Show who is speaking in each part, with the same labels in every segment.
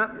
Speaker 1: up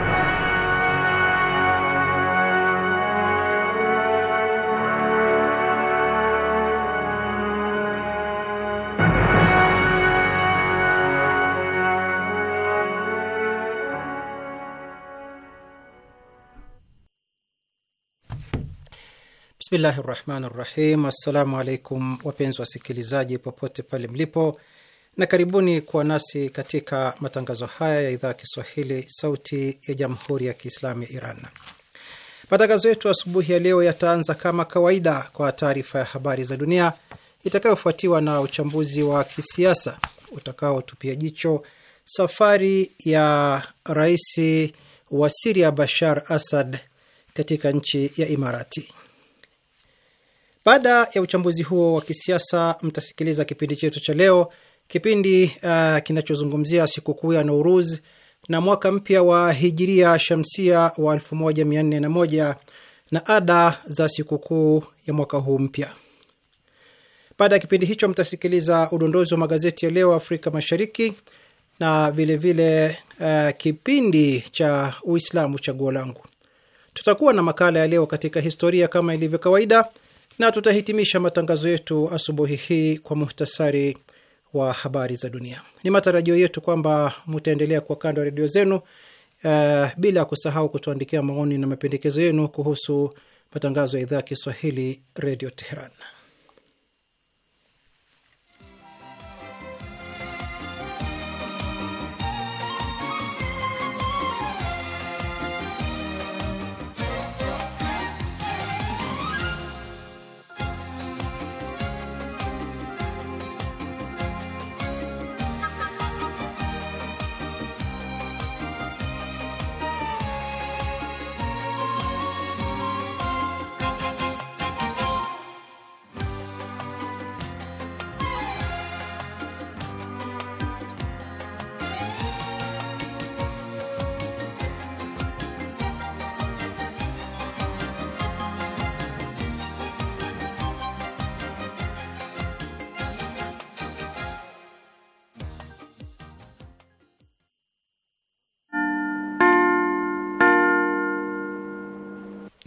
Speaker 2: Bismillahi rahmani rahim. Assalamu alaikum wapenzi wasikilizaji popote pale mlipo, na karibuni kuwa nasi katika matangazo haya ya idhaa ya Kiswahili sauti ya jamhuri ya Kiislamu ya Iran. Matangazo yetu asubuhi ya leo yataanza kama kawaida kwa taarifa ya habari za dunia itakayofuatiwa na uchambuzi wa kisiasa utakaotupia jicho safari ya rais wa Siria Bashar Asad katika nchi ya Imarati. Baada ya uchambuzi huo wa kisiasa, mtasikiliza kipindi chetu cha leo, kipindi uh, kinachozungumzia sikukuu ya Nouruz na mwaka mpya wa hijiria shamsia wa 1401 na ada za sikukuu ya mwaka huu mpya. Baada ya kipindi hicho, mtasikiliza udondozi wa magazeti ya leo Afrika Mashariki na vilevile vile, uh, kipindi cha Uislamu chaguo langu. Tutakuwa na makala ya leo katika historia kama ilivyo kawaida na tutahitimisha matangazo yetu asubuhi hii kwa muhtasari wa habari za dunia. Ni matarajio yetu kwamba mutaendelea kwa kando ya redio zenu, uh, bila kusahau kutuandikia maoni na mapendekezo yenu kuhusu matangazo ya idhaa ya Kiswahili, Redio Teheran.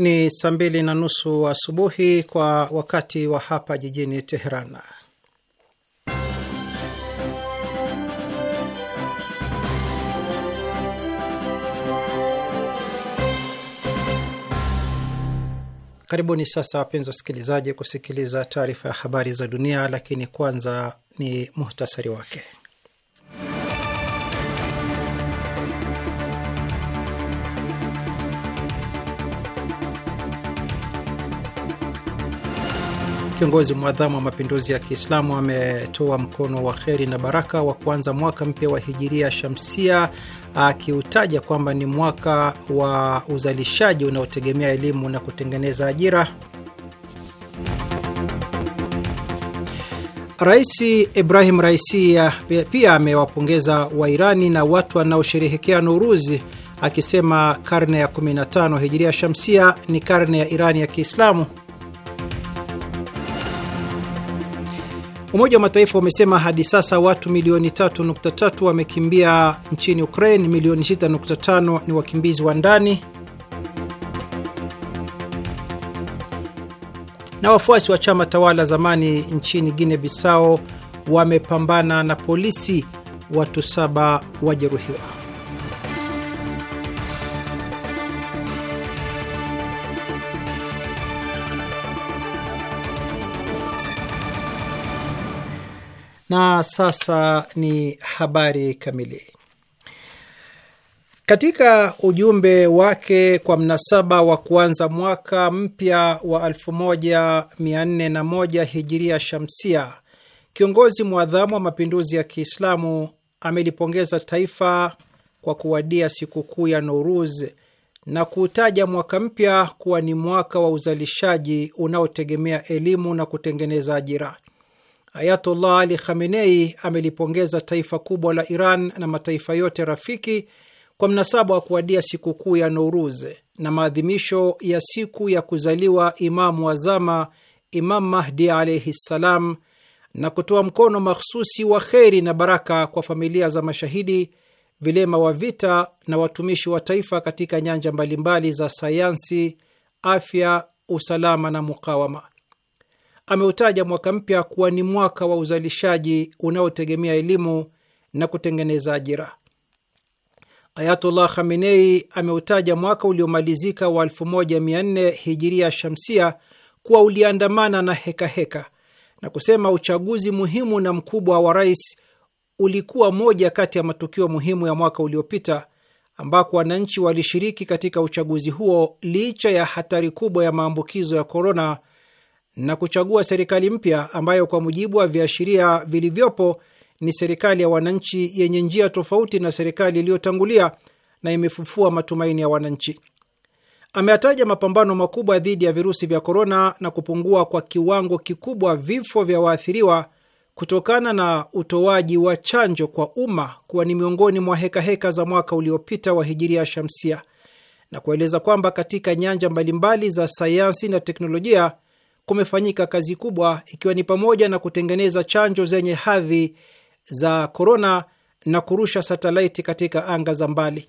Speaker 2: Ni saa mbili na nusu asubuhi wa kwa wakati wa hapa jijini Teheran. Karibuni sasa, wapenzi wasikilizaji, kusikiliza taarifa ya habari za dunia, lakini kwanza ni muhtasari wake. kiongozi mwadhamu wa mapinduzi ya Kiislamu ametoa mkono wa kheri na baraka wa kuanza mwaka mpya wa hijiria shamsia akiutaja kwamba ni mwaka wa uzalishaji unaotegemea elimu na kutengeneza ajira. Rais Ibrahim Raisi pia amewapongeza Wairani na watu wanaosherehekea Nuruzi akisema karne ya 15 hijiria shamsia ni karne ya Irani ya Kiislamu. Umoja wa Mataifa umesema hadi sasa watu milioni 3.3 wamekimbia nchini Ukraine, milioni 6.5 ni wakimbizi wa ndani. Na wafuasi wa chama tawala zamani nchini Guinea Bissau wamepambana na polisi, watu saba wajeruhiwa. Na sasa ni habari kamili. Katika ujumbe wake kwa mnasaba wa kuanza mwaka mpya wa 1401 hijiria shamsia, kiongozi mwadhamu wa mapinduzi ya Kiislamu amelipongeza taifa kwa kuwadia sikukuu ya nouruz na kuutaja mwaka mpya kuwa ni mwaka wa uzalishaji unaotegemea elimu na kutengeneza ajira. Ayatollah Ali Khamenei amelipongeza taifa kubwa la Iran na mataifa yote rafiki kwa mnasaba wa kuadia sikukuu ya Nouruz na maadhimisho ya siku ya kuzaliwa Imamu wazama Imam Mahdi alaihi ssalam, na kutoa mkono makhususi wa kheri na baraka kwa familia za mashahidi, vilema wa vita na watumishi wa taifa katika nyanja mbalimbali za sayansi, afya, usalama na mukawama ameutaja mwaka mpya kuwa ni mwaka wa uzalishaji unaotegemea elimu na kutengeneza ajira. Ayatullah Khamenei ameutaja mwaka uliomalizika wa 1404 hijiria shamsia kuwa uliandamana na hekaheka heka, na kusema uchaguzi muhimu na mkubwa wa rais ulikuwa moja kati ya matukio muhimu ya mwaka uliopita ambako wananchi walishiriki katika uchaguzi huo licha ya hatari kubwa ya maambukizo ya korona na kuchagua serikali mpya ambayo kwa mujibu wa viashiria vilivyopo ni serikali ya wananchi yenye njia tofauti na serikali iliyotangulia na imefufua matumaini ya wananchi. Ameataja mapambano makubwa dhidi ya virusi vya korona na kupungua kwa kiwango kikubwa vifo vya waathiriwa kutokana na utoaji wa chanjo kwa umma kuwa ni miongoni mwa hekaheka za mwaka uliopita wa hijiria shamsia, na kueleza kwamba katika nyanja mbalimbali za sayansi na teknolojia kumefanyika kazi kubwa, ikiwa ni pamoja na kutengeneza chanjo zenye hadhi za korona na kurusha satelaiti katika anga za mbali.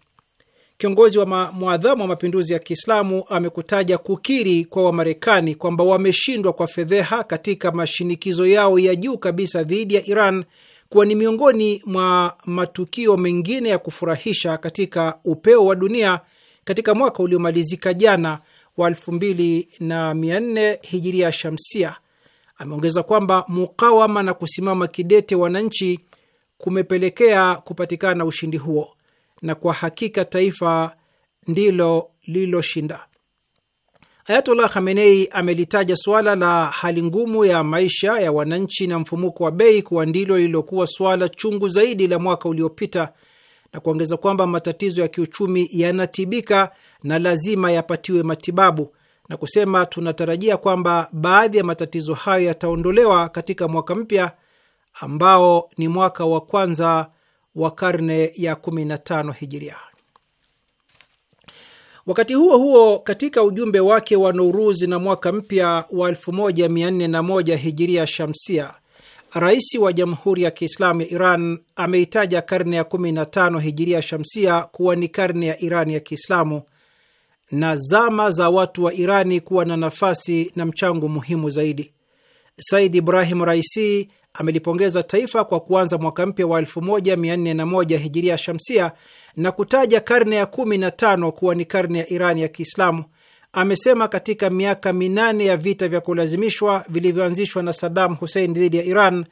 Speaker 2: Kiongozi wa mwadhamu wa mapinduzi ya Kiislamu amekutaja kukiri kwa Wamarekani kwamba wameshindwa kwa fedheha katika mashinikizo yao ya juu kabisa dhidi ya Iran kuwa ni miongoni mwa matukio mengine ya kufurahisha katika upeo wa dunia katika mwaka uliomalizika jana wa 24 hijiria shamsia. Ameongeza kwamba mukawama na kusimama kidete wananchi kumepelekea kupatikana ushindi huo, na kwa hakika taifa ndilo lililoshinda Ayatollah Khamenei amelitaja suala la hali ngumu ya maisha ya wananchi na mfumuko wa bei kuwa ndilo lililokuwa suala chungu zaidi la mwaka uliopita na kuongeza kwamba matatizo ya kiuchumi yanatibika na lazima yapatiwe matibabu na kusema tunatarajia kwamba baadhi ya matatizo hayo yataondolewa katika mwaka mpya ambao ni mwaka wa kwanza wa karne ya 15 hijiria. Wakati huo huo, katika ujumbe wake wa nouruz na mwaka mpya wa 1401 hijiria shamsia, Rais wa Jamhuri ya Kiislamu ya Iran ameitaja karne ya 15 hijiria shamsia kuwa ni karne ya Iran ya Kiislamu na zama za watu wa Irani kuwa na nafasi na mchango muhimu zaidi. Said Ibrahim Raisi amelipongeza taifa kwa kuanza mwaka mpya wa 1401 hijiria shamsia na kutaja karne ya 15 kuwa ni karne ya Irani ya Kiislamu amesema katika miaka minane ya vita vya kulazimishwa vilivyoanzishwa na Saddam Hussein dhidi ya Iran,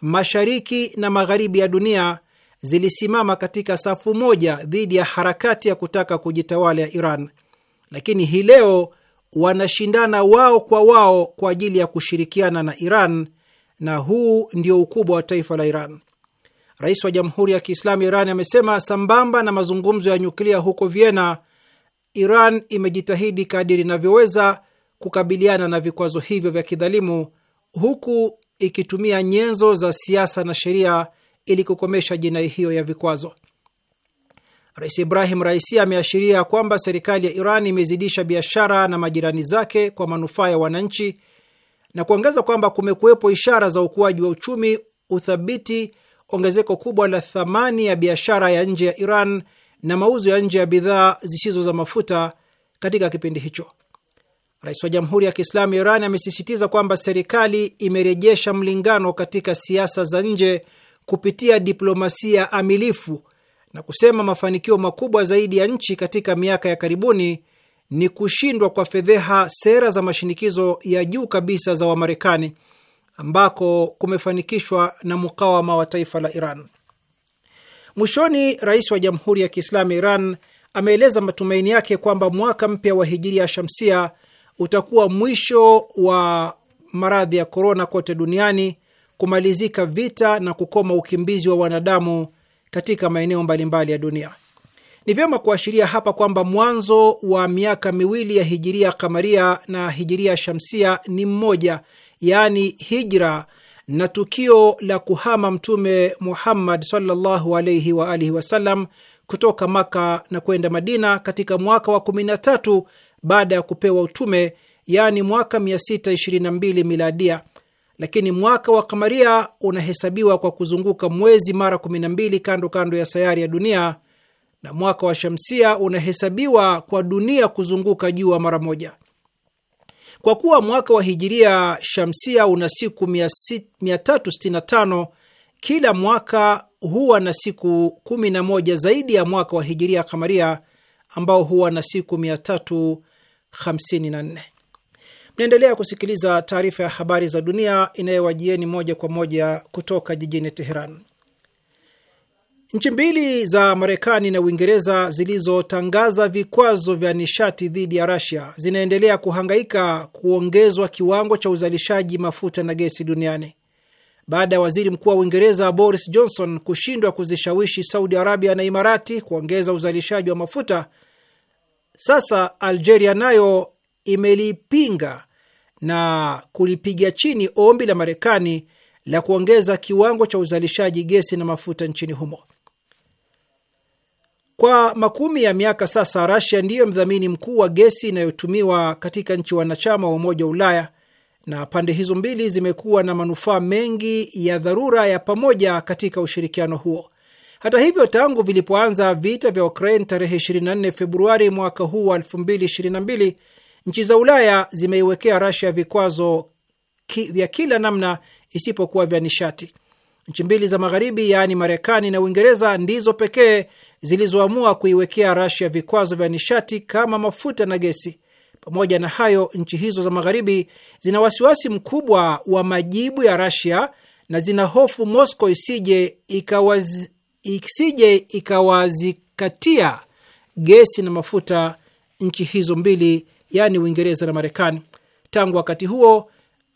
Speaker 2: mashariki na magharibi ya dunia zilisimama katika safu moja dhidi ya harakati ya kutaka kujitawala ya Iran, lakini hii leo wanashindana wao kwa wao kwa ajili ya kushirikiana na Iran, na huu ndio ukubwa wa taifa la Iran. Rais wa Jamhuri ya Kiislamu Iran amesema sambamba na mazungumzo ya nyuklia huko Vienna, Iran imejitahidi kadiri inavyoweza kukabiliana na vikwazo hivyo vya kidhalimu huku ikitumia nyenzo za siasa na sheria ili kukomesha jinai hiyo ya vikwazo. Rais Ibrahim Raisi ameashiria kwamba serikali ya Iran imezidisha biashara na majirani zake kwa manufaa ya wananchi na kuongeza kwamba kumekuwepo ishara za ukuaji wa uchumi, uthabiti, ongezeko kubwa la thamani ya biashara ya nje ya Iran na mauzo ya nje ya bidhaa zisizo za mafuta katika kipindi hicho. Rais wa Jamhuri ya Kiislamu ya Iran amesisitiza kwamba serikali imerejesha mlingano katika siasa za nje kupitia diplomasia amilifu na kusema mafanikio makubwa zaidi ya nchi katika miaka ya karibuni ni kushindwa kwa fedheha sera za mashinikizo ya juu kabisa za Wamarekani ambako kumefanikishwa na mukawama wa taifa la Iran. Mwishoni, rais wa Jamhuri ya Kiislamu Iran ameeleza matumaini yake kwamba mwaka mpya wa hijiria shamsia utakuwa mwisho wa maradhi ya korona kote duniani, kumalizika vita na kukoma ukimbizi wa wanadamu katika maeneo mbalimbali ya dunia. Ni vyema kuashiria hapa kwamba mwanzo wa miaka miwili ya hijiria kamaria na hijiria shamsia ni mmoja, yaani hijra na tukio la kuhama Mtume Muhammad sallallahu alaihi wa alihi wasallam kutoka Maka na kwenda Madina katika mwaka wa 13 baada ya kupewa utume, yaani mwaka 622 miladia, lakini mwaka wa kamaria unahesabiwa kwa kuzunguka mwezi mara 12 kando kando ya sayari ya dunia, na mwaka wa shamsia unahesabiwa kwa dunia kuzunguka jua mara moja. Kwa kuwa mwaka wa hijiria shamsia una siku 365, kila mwaka huwa na siku 11 zaidi ya mwaka wa hijiria kamaria ambao huwa na siku 354. Mnaendelea kusikiliza taarifa ya habari za dunia inayowajieni moja kwa moja kutoka jijini Teheran. Nchi mbili za Marekani na Uingereza zilizotangaza vikwazo vya nishati dhidi ya Rasia zinaendelea kuhangaika kuongezwa kiwango cha uzalishaji mafuta na gesi duniani baada ya waziri mkuu wa Uingereza Boris Johnson kushindwa kuzishawishi Saudi Arabia na Imarati kuongeza uzalishaji wa mafuta. Sasa Algeria nayo imelipinga na kulipiga chini ombi la Marekani la kuongeza kiwango cha uzalishaji gesi na mafuta nchini humo. Kwa makumi ya miaka sasa, Rasia ndiyo mdhamini mkuu wa gesi inayotumiwa katika nchi wanachama wa Umoja wa Ulaya, na pande hizo mbili zimekuwa na manufaa mengi ya dharura ya pamoja katika ushirikiano huo. Hata hivyo, tangu vilipoanza vita vya Ukraine tarehe 24 Februari mwaka huu wa 2022 nchi za Ulaya zimeiwekea Rasia vikwazo ki, vya kila namna isipokuwa vya nishati. Nchi mbili za magharibi yaani Marekani na Uingereza ndizo pekee zilizoamua kuiwekea Rasia vikwazo vya nishati kama mafuta na gesi. Pamoja na hayo, nchi hizo za magharibi zina wasiwasi mkubwa wa majibu ya Rasia na zina hofu Moscow isije isije ikawazikatia gesi na mafuta nchi hizo mbili, yaani Uingereza na Marekani. Tangu wakati huo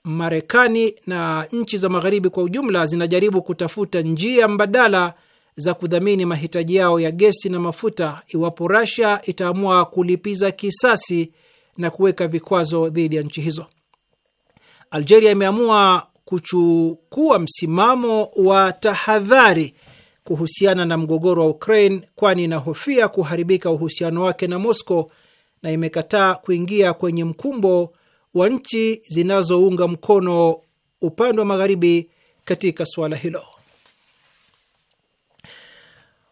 Speaker 2: Marekani na nchi za magharibi kwa ujumla zinajaribu kutafuta njia mbadala za kudhamini mahitaji yao ya gesi na mafuta iwapo Russia itaamua kulipiza kisasi na kuweka vikwazo dhidi ya nchi hizo. Algeria imeamua kuchukua msimamo wa tahadhari kuhusiana na mgogoro wa Ukraine, kwani inahofia kuharibika uhusiano wake na Moscow na imekataa kuingia kwenye mkumbo wa nchi zinazounga mkono upande wa magharibi katika suala hilo.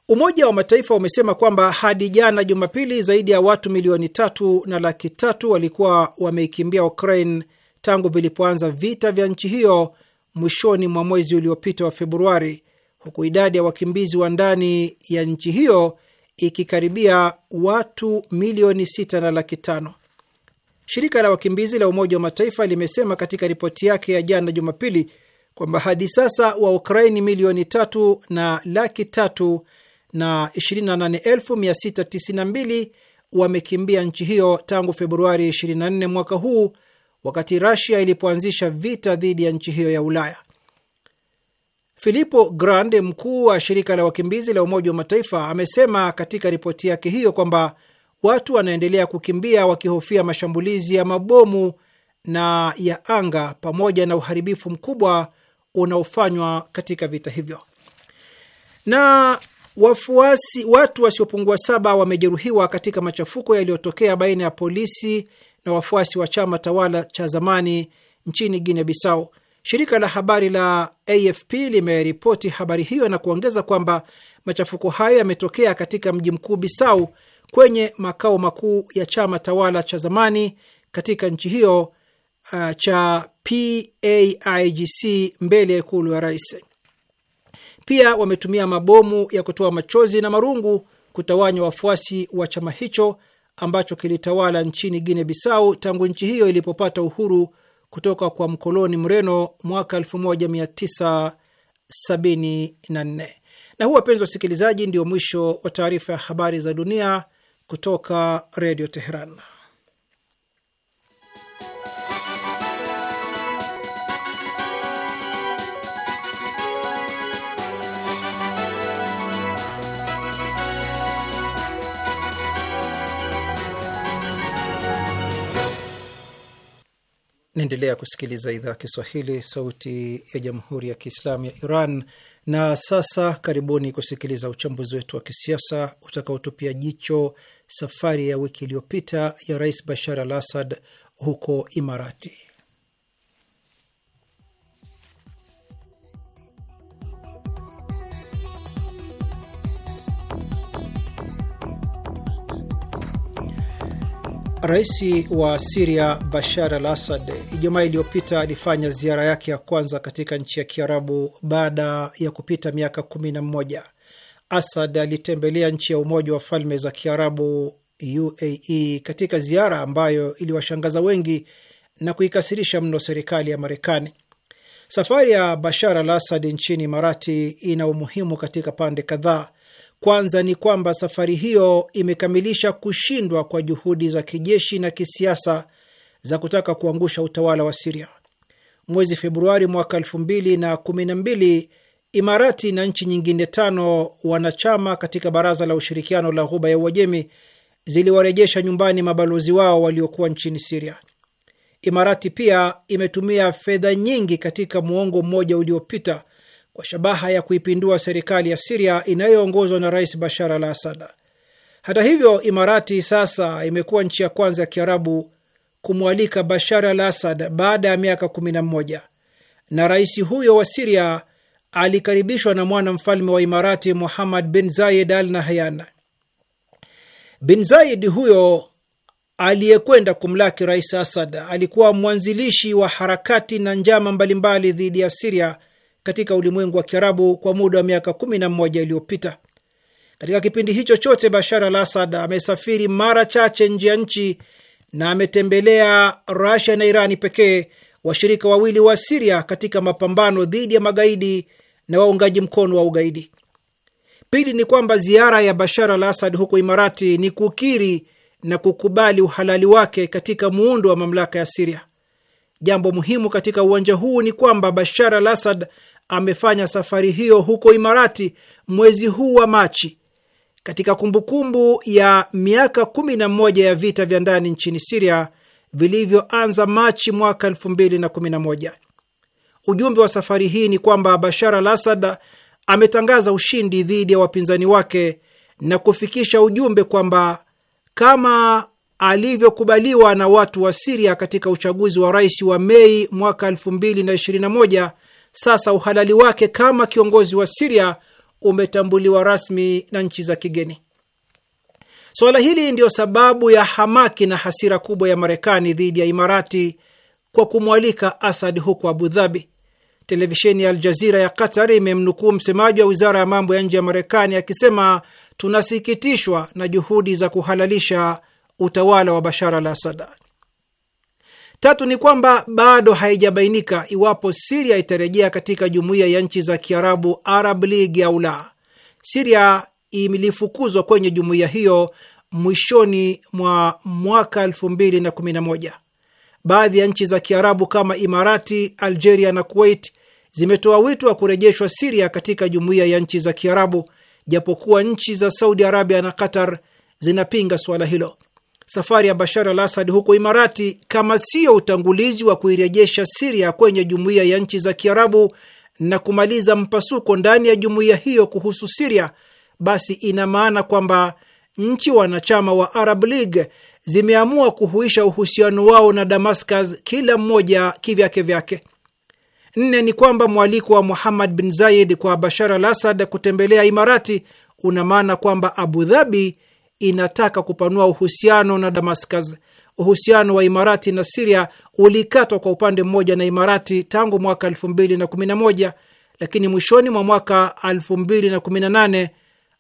Speaker 2: Umoja wa Mataifa umesema kwamba hadi jana Jumapili, zaidi ya watu milioni tatu na laki tatu walikuwa wameikimbia Ukraine tangu vilipoanza vita vya nchi hiyo mwishoni mwa mwezi uliopita wa Februari, huku idadi ya wakimbizi wa ndani ya nchi hiyo ikikaribia watu milioni sita na laki tano. Shirika la wakimbizi la Umoja wa Mataifa limesema katika ripoti yake ya jana Jumapili kwamba hadi sasa wa Ukraini milioni tatu na laki tatu na 28692 wamekimbia nchi hiyo tangu Februari 24 mwaka huu wakati Russia ilipoanzisha vita dhidi ya nchi hiyo ya Ulaya. Filippo Grandi, mkuu wa shirika la wakimbizi la Umoja wa Mataifa, amesema katika ripoti yake hiyo kwamba watu wanaendelea kukimbia wakihofia mashambulizi ya mabomu na ya anga pamoja na uharibifu mkubwa unaofanywa katika vita hivyo. Na Wafuasi watu wasiopungua saba wamejeruhiwa katika machafuko yaliyotokea baina ya polisi na wafuasi wa chama tawala cha zamani nchini Guinea Bissau. Shirika la habari la AFP limeripoti habari hiyo na kuongeza kwamba machafuko hayo yametokea katika mji mkuu Bissau, kwenye makao makuu ya chama tawala cha zamani katika nchi hiyo uh, cha PAIGC mbele ya ikulu ya rais. Pia wametumia mabomu ya kutoa machozi na marungu kutawanya wafuasi wa chama hicho ambacho kilitawala nchini Guinea Bissau tangu nchi hiyo ilipopata uhuru kutoka kwa mkoloni Mreno mwaka 1974. Na huu, wapenzi wasikilizaji, ndio mwisho wa taarifa ya habari za dunia kutoka Redio Teheran. Naendelea kusikiliza idhaa ya Kiswahili, sauti ya jamhuri ya kiislamu ya Iran. Na sasa karibuni kusikiliza uchambuzi wetu wa kisiasa utakaotupia jicho safari ya wiki iliyopita ya Rais Bashar al Assad huko Imarati. Rais wa Siria Bashar al Assad Ijumaa iliyopita alifanya ziara yake ya kwanza katika nchi ya Kiarabu baada ya kupita miaka kumi na mmoja. Asad alitembelea nchi ya Umoja wa Falme za Kiarabu UAE katika ziara ambayo iliwashangaza wengi na kuikasirisha mno serikali ya Marekani. Safari ya Bashar al Assad nchini marati ina umuhimu katika pande kadhaa kwanza ni kwamba safari hiyo imekamilisha kushindwa kwa juhudi za kijeshi na kisiasa za kutaka kuangusha utawala wa Siria. Mwezi Februari mwaka elfu mbili na kumi na mbili, Imarati na nchi nyingine tano wanachama katika Baraza la Ushirikiano la Ghuba ya Uajemi ziliwarejesha nyumbani mabalozi wao waliokuwa nchini Siria. Imarati pia imetumia fedha nyingi katika muongo mmoja uliopita kwa shabaha ya kuipindua serikali ya Siria inayoongozwa na Rais Bashar al Assad. Hata hivyo, Imarati sasa imekuwa nchi ya kwanza ya kiarabu kumwalika Bashar al Assad baada ya miaka 11 na rais huyo wa Siria alikaribishwa na mwana mfalme wa Imarati Muhammad bin Zayed al Nahyan. Bin Zayed huyo aliyekwenda kumlaki rais Asad alikuwa mwanzilishi wa harakati na njama mbalimbali dhidi ya Siria katika ulimwengu wa Kiarabu kwa muda wa miaka kumi na mmoja iliyopita. Katika kipindi hicho chote, Bashar al Asad amesafiri mara chache nje ya nchi na ametembelea Rasia na Irani pekee, washirika wawili wa Siria katika mapambano dhidi ya magaidi na waungaji mkono wa ugaidi. Pili ni kwamba ziara ya Bashar al Asad huko Imarati ni kukiri na kukubali uhalali wake katika muundo wa mamlaka ya Siria. Jambo muhimu katika uwanja huu ni kwamba Bashar al Asad amefanya safari hiyo huko Imarati mwezi huu wa Machi katika kumbukumbu ya miaka kumi na moja ya vita vya ndani nchini Siria vilivyoanza Machi mwaka elfu mbili na kumi na moja. Ujumbe wa safari hii ni kwamba Bashar al Asad ametangaza ushindi dhidi ya wapinzani wake na kufikisha ujumbe kwamba kama alivyokubaliwa na watu wa Siria katika uchaguzi wa rais wa Mei mwaka elfu mbili na ishirini na moja sasa uhalali wake kama kiongozi wa Siria umetambuliwa rasmi na nchi za kigeni. Suala hili ndiyo sababu ya hamaki na hasira kubwa ya Marekani dhidi ya Imarati kwa kumwalika Asad huko Abu Dhabi. Televisheni ya Aljazira ya Qatar imemnukuu msemaji wa wizara ya mambo ya nje ya Marekani akisema, tunasikitishwa na juhudi za kuhalalisha utawala wa Bashar al Asad. Tatu ni kwamba bado haijabainika iwapo Siria itarejea katika jumuiya ya nchi za Kiarabu, Arab League, au la. Siria ilifukuzwa kwenye jumuiya hiyo mwishoni mwa mwaka 2011. Baadhi ya nchi za Kiarabu kama Imarati, Algeria na Kuwait zimetoa wito wa kurejeshwa Siria katika jumuiya ya nchi za Kiarabu, japokuwa nchi za Saudi Arabia na Qatar zinapinga suala hilo. Safari ya Bashar al Asad huko Imarati kama sio utangulizi wa kuirejesha Siria kwenye jumuiya ya nchi za Kiarabu na kumaliza mpasuko ndani ya jumuiya hiyo kuhusu Siria, basi ina maana kwamba nchi wanachama wa Arab League zimeamua kuhuisha uhusiano wao na Damascus, kila mmoja kivyake vyake. Nne ni kwamba mwaliko wa Muhammad bin Zayed kwa Bashar al Asad kutembelea Imarati una maana kwamba Abu Dhabi inataka kupanua uhusiano na Damascus. Uhusiano wa Imarati na Siria ulikatwa kwa upande mmoja na Imarati tangu mwaka 2011 lakini mwishoni mwa mwaka 2018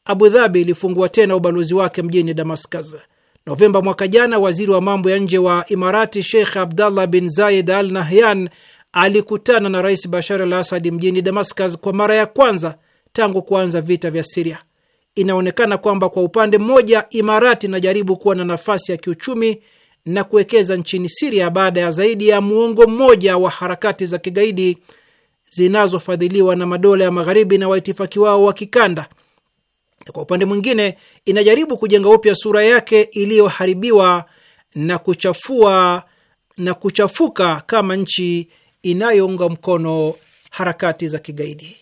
Speaker 2: Abu Dhabi ilifungua tena ubalozi wake mjini Damascus. Novemba mwaka jana, waziri wa mambo ya nje wa Imarati Sheikh Abdallah bin Zayed Al Nahyan alikutana na Rais Bashar al Asadi mjini Damascus kwa mara ya kwanza tangu kuanza vita vya Siria inaonekana kwamba kwa upande mmoja Imarati inajaribu kuwa na nafasi ya kiuchumi na kuwekeza nchini Siria baada ya zaidi ya muongo mmoja wa harakati za kigaidi zinazofadhiliwa na madola ya magharibi na waitifaki wao wa kikanda. Kwa upande mwingine, inajaribu kujenga upya sura yake iliyoharibiwa na kuchafua na kuchafuka kama nchi inayounga mkono harakati za kigaidi.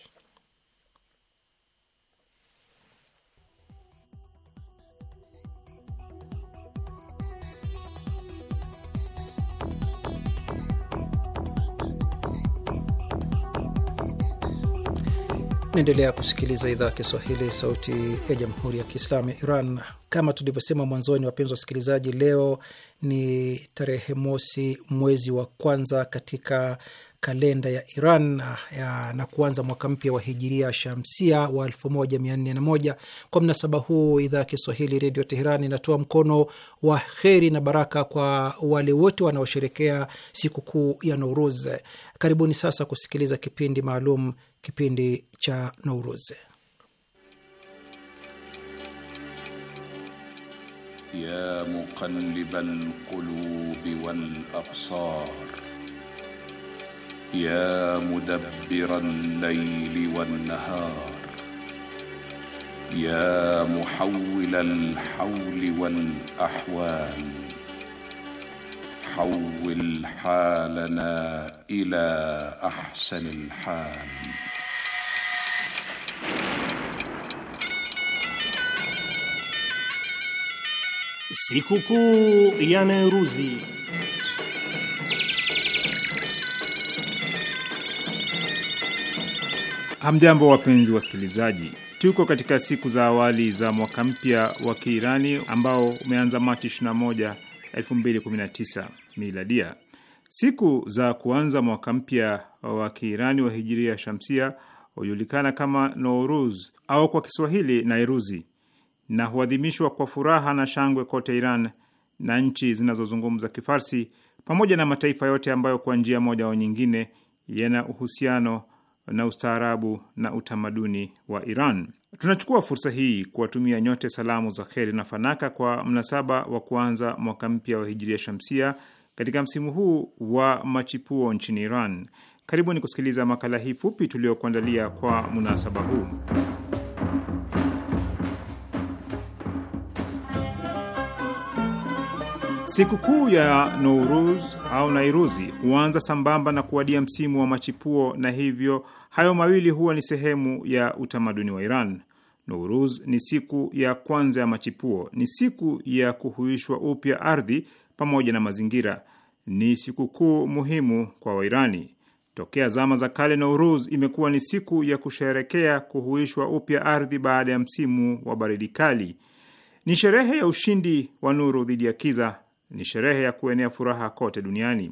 Speaker 2: Naendelea kusikiliza idhaa ya Kiswahili, sauti ya jamhuri ya kiislamu ya Iran. Kama tulivyosema mwanzoni, wapenzi wasikilizaji, leo ni tarehe mosi mwezi wa kwanza katika kalenda ya Iran ya, na kuanza mwaka mpya wa hijiria shamsia wa 1401. Kwa mnasaba huu, idhaa ya Kiswahili redio Teheran inatoa mkono wa kheri na baraka kwa wale wote wanaosherekea sikukuu ya Nouruz. Karibuni sasa kusikiliza kipindi maalum kipindi cha Nauruz.
Speaker 1: Ya muqallibal qulubi wal absar ya mudabbiral layli wan nahar ya muhawwilal hawli wal ahwal حول حالنا
Speaker 3: إلى أحسن الحال
Speaker 4: Sikukuu يا نيروزي Hamjambo wapenzi wasikilizaji. Tuko katika siku za awali za mwaka mpya wa Kiirani ambao umeanza Machi 21, 2019 miladia. Siku za kuanza mwaka mpya wa Kiirani wa hijiria shamsia hujulikana kama Nouruz au kwa Kiswahili Nairuzi, na huadhimishwa kwa furaha na shangwe kote Iran na nchi zinazozungumza Kifarsi pamoja na mataifa yote ambayo kwa njia moja au nyingine yana uhusiano na ustaarabu na utamaduni wa Iran. Tunachukua fursa hii kuwatumia nyote salamu za kheri na fanaka kwa mnasaba wa kuanza mwaka mpya wa hijiria shamsia katika msimu huu wa machipuo nchini Iran. karibu ni kusikiliza makala hii fupi tuliyokuandalia kwa munasaba huu. Sikukuu ya Nouruz au Nairuzi huanza sambamba na kuwadia msimu wa machipuo, na hivyo hayo mawili huwa ni sehemu ya utamaduni wa Iran. Nouruz ni siku ya kwanza ya machipuo, ni siku ya kuhuishwa upya ardhi pamoja na mazingira ni sikukuu muhimu kwa Wairani. Tokea zama za kale, Nowruz imekuwa ni siku ya kusherekea kuhuishwa upya ardhi baada ya msimu wa baridi kali. Ni sherehe ya ushindi wa nuru dhidi ya kiza, ni sherehe ya kuenea furaha kote duniani.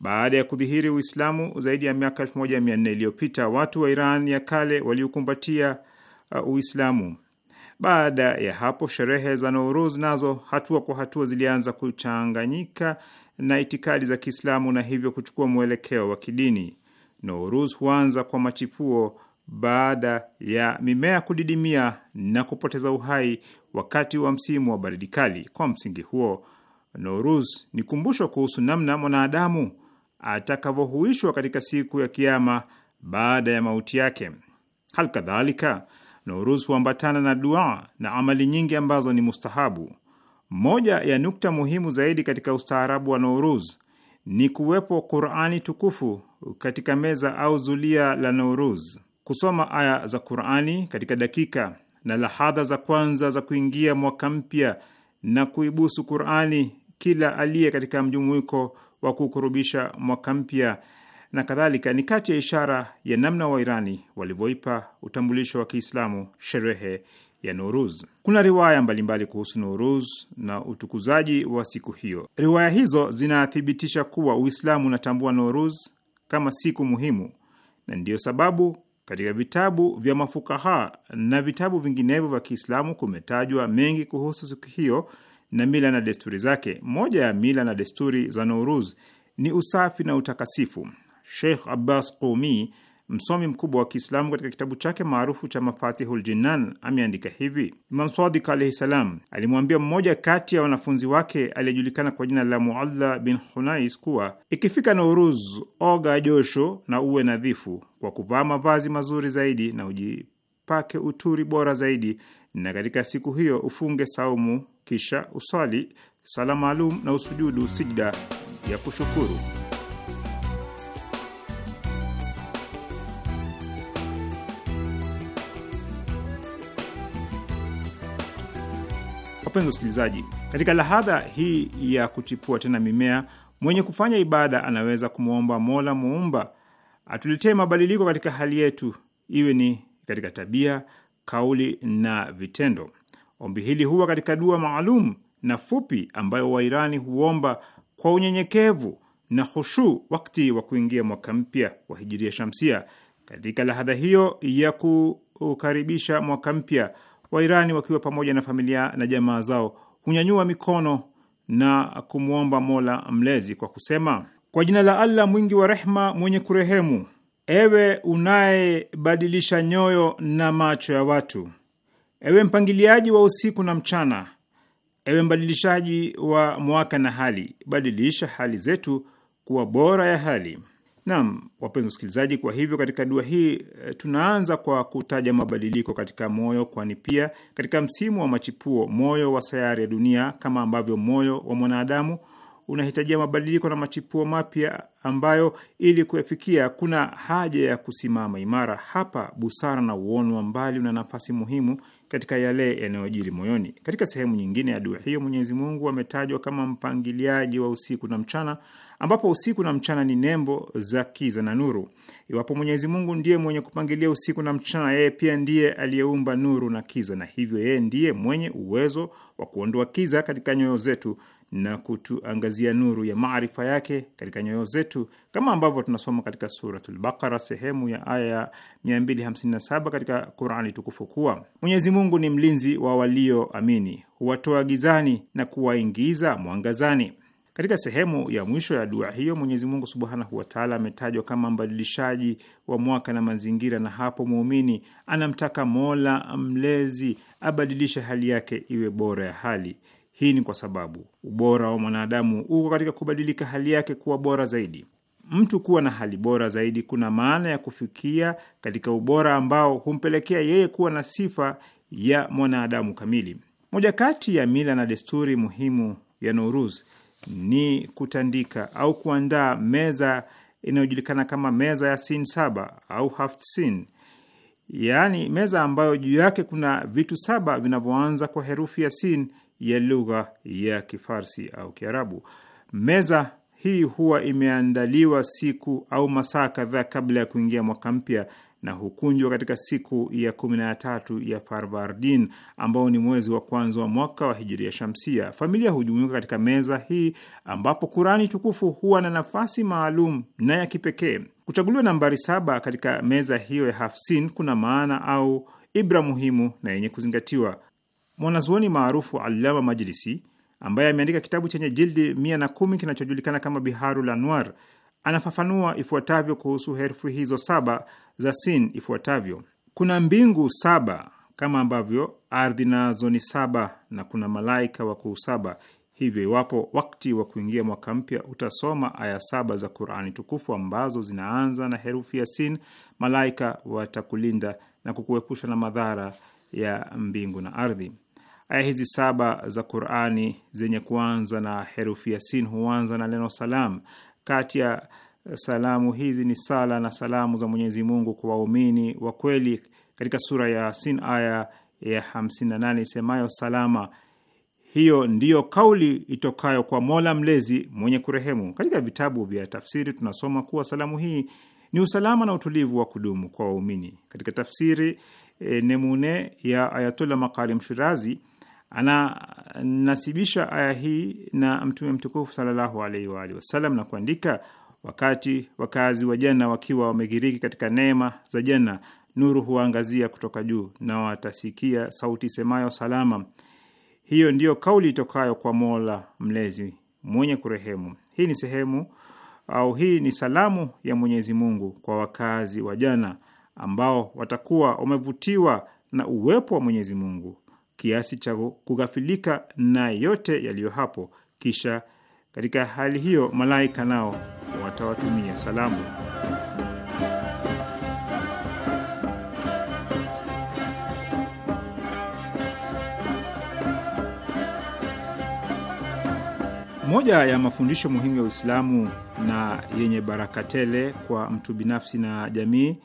Speaker 4: Baada ya kudhihiri Uislamu zaidi ya miaka 1400 iliyopita, watu wa Iran ya kale waliokumbatia uh, Uislamu baada ya hapo, sherehe za Nouruz nazo hatua kwa hatua zilianza kuchanganyika na itikadi za Kiislamu na hivyo kuchukua mwelekeo wa kidini. Nouruz huanza kwa machipuo baada ya mimea kudidimia na kupoteza uhai wakati wa msimu wa baridi kali. Kwa msingi huo, Nouruz ni kumbusho kuhusu namna mwanadamu atakavyohuishwa katika siku ya Kiama baada ya mauti yake. Hal kadhalika Nowruz huambatana na dua na amali nyingi ambazo ni mustahabu. Moja ya nukta muhimu zaidi katika ustaarabu wa nouruz ni kuwepo Qurani tukufu katika meza au zulia la nouruz Kusoma aya za Qurani katika dakika na lahadha za kwanza za kuingia mwaka mpya na kuibusu Qurani kila aliye katika mjumuiko wa kukurubisha mwaka mpya na kadhalika ni kati ya ishara ya namna Wairani walivyoipa utambulisho wa Kiislamu sherehe ya Nuruz. Kuna riwaya mbalimbali mbali kuhusu Nuruz na utukuzaji wa siku hiyo. Riwaya hizo zinathibitisha kuwa Uislamu unatambua Nuruz kama siku muhimu, na ndiyo sababu katika vitabu vya mafukaha na vitabu vinginevyo vya Kiislamu kumetajwa mengi kuhusu siku hiyo na mila na desturi zake. Moja ya mila na desturi za Nuruz ni usafi na utakasifu. Sheikh Abbas Qumi, msomi mkubwa wa Kiislamu, katika kitabu chake maarufu cha Mafatihul Jinan ameandika hivi: Imam Sadik alaihi salam alimwambia mmoja kati ya wanafunzi wake aliyejulikana kwa jina la mualla bin Hunais kuwa ikifika nouruz oga josho na uwe nadhifu kwa kuvaa mavazi mazuri zaidi na ujipake uturi bora zaidi, na katika siku hiyo ufunge saumu, kisha uswali sala maalum na usujudu sijda ya kushukuru. Wapenzi wasikilizaji, katika lahadha hii ya kuchipua tena mimea, mwenye kufanya ibada anaweza kumwomba Mola muumba atuletee mabadiliko katika hali yetu, iwe ni katika tabia, kauli na vitendo. Ombi hili huwa katika dua maalum na fupi ambayo Wairani huomba kwa unyenyekevu na hushuu wakati wa kuingia mwaka mpya wa hijiria shamsia. Katika lahadha hiyo ya kukaribisha mwaka mpya Wairani wakiwa pamoja na familia na jamaa zao hunyanyua mikono na kumwomba Mola mlezi kwa kusema: kwa jina la Allah mwingi wa rehma, mwenye kurehemu, ewe unayebadilisha nyoyo na macho ya watu, ewe mpangiliaji wa usiku na mchana, ewe mbadilishaji wa mwaka na hali, badilisha hali zetu kuwa bora ya hali. Naam, wapenzi wasikilizaji, kwa hivyo katika dua hii eh, tunaanza kwa kutaja mabadiliko katika moyo, kwani pia katika msimu wa machipuo moyo wa sayari ya dunia, kama ambavyo moyo wa mwanadamu unahitajia mabadiliko na machipuo mapya ambayo ili kuyafikia kuna haja ya kusimama imara. Hapa busara na uono wa mbali una nafasi muhimu katika yale yanayojiri moyoni. Katika sehemu nyingine ya dua hiyo, Mwenyezi Mungu ametajwa kama mpangiliaji wa usiku na mchana ambapo usiku na mchana ni nembo za kiza na nuru. Iwapo Mwenyezi Mungu ndiye mwenye kupangilia usiku na mchana, yeye pia ndiye aliyeumba nuru na kiza, na hivyo yeye ndiye mwenye uwezo wa kuondoa kiza katika nyoyo zetu na kutuangazia nuru ya maarifa yake katika nyoyo zetu, kama ambavyo tunasoma katika Suratul sehemu ya aya ya 257 katika Qurani tukufu kuwa Mwenyezi Mungu ni mlinzi wa walioamini, huwatoa gizani na kuwaingiza mwangazani. Katika sehemu ya mwisho ya dua hiyo Mwenyezi Mungu subhanahu wataala ametajwa kama mbadilishaji wa mwaka na mazingira, na hapo muumini anamtaka Mola mlezi abadilishe hali yake iwe bora ya hali hii. Ni kwa sababu ubora wa mwanadamu uko katika kubadilika hali yake kuwa bora zaidi. Mtu kuwa na hali bora zaidi kuna maana ya kufikia katika ubora ambao humpelekea yeye kuwa na sifa ya mwanadamu kamili. Moja kati ya mila na desturi muhimu ya Nowruz ni kutandika au kuandaa meza inayojulikana kama meza ya sin saba au haft sin, yaani meza ambayo juu yake kuna vitu saba vinavyoanza kwa herufi ya sin ya lugha ya Kifarsi au Kiarabu. Meza hii huwa imeandaliwa siku au masaa kadhaa kabla ya kuingia mwaka mpya na hukunjwa katika siku ya kumi na tatu ya Farvardin ambao ni mwezi wa kwanza wa mwaka wa hijiria shamsia. Familia hujumuika katika meza hii ambapo Kurani tukufu huwa na nafasi maalum na ya kipekee. Kuchaguliwa nambari saba katika meza hiyo ya Hafsin kuna maana au ibra muhimu na yenye kuzingatiwa. Mwanazuoni maarufu Allama Majlisi ambaye ameandika kitabu chenye jildi mia na kumi kinachojulikana kama biharu lanwar anafafanua ifuatavyo kuhusu herufi hizo saba za sin ifuatavyo: kuna mbingu saba kama ambavyo ardhi nazo ni saba, na kuna malaika wakuu saba. Hivyo iwapo wakati wa kuingia mwaka mpya utasoma aya saba za Qurani tukufu ambazo zinaanza na herufi ya sin, malaika watakulinda na kukuepusha na madhara ya mbingu na ardhi. Aya hizi saba za Qurani zenye kuanza na herufi ya sin huanza na neno salam. Kati ya salamu hizi ni sala na salamu za Mwenyezi Mungu kwa waumini wa kweli katika sura ya Yasin aya ya 58 isemayo salama. Hiyo ndiyo kauli itokayo kwa Mola Mlezi mwenye kurehemu. Katika vitabu vya tafsiri tunasoma kuwa salamu hii ni usalama na utulivu wa kudumu kwa waumini. Katika tafsiri e, Nemune ya Ayatullah Makarim Shirazi Ananasibisha aya hii na Mtume mtukufu sallallahu alaihi wa alihi wasallam na kuandika, wakati wakazi wa Janna wakiwa wamegiriki katika neema za Janna, nuru huwaangazia kutoka juu na watasikia sauti semayo salama. Hiyo ndiyo kauli itokayo kwa Mola Mlezi mwenye kurehemu. Hii ni sehemu au hii ni salamu ya Mwenyezi Mungu kwa wakazi wa Janna ambao watakuwa wamevutiwa na uwepo wa Mwenyezi Mungu kiasi cha kughafilika na yote yaliyo hapo, kisha katika hali hiyo malaika nao watawatumia salamu. Moja ya mafundisho muhimu ya Uislamu na yenye baraka tele kwa mtu binafsi na jamii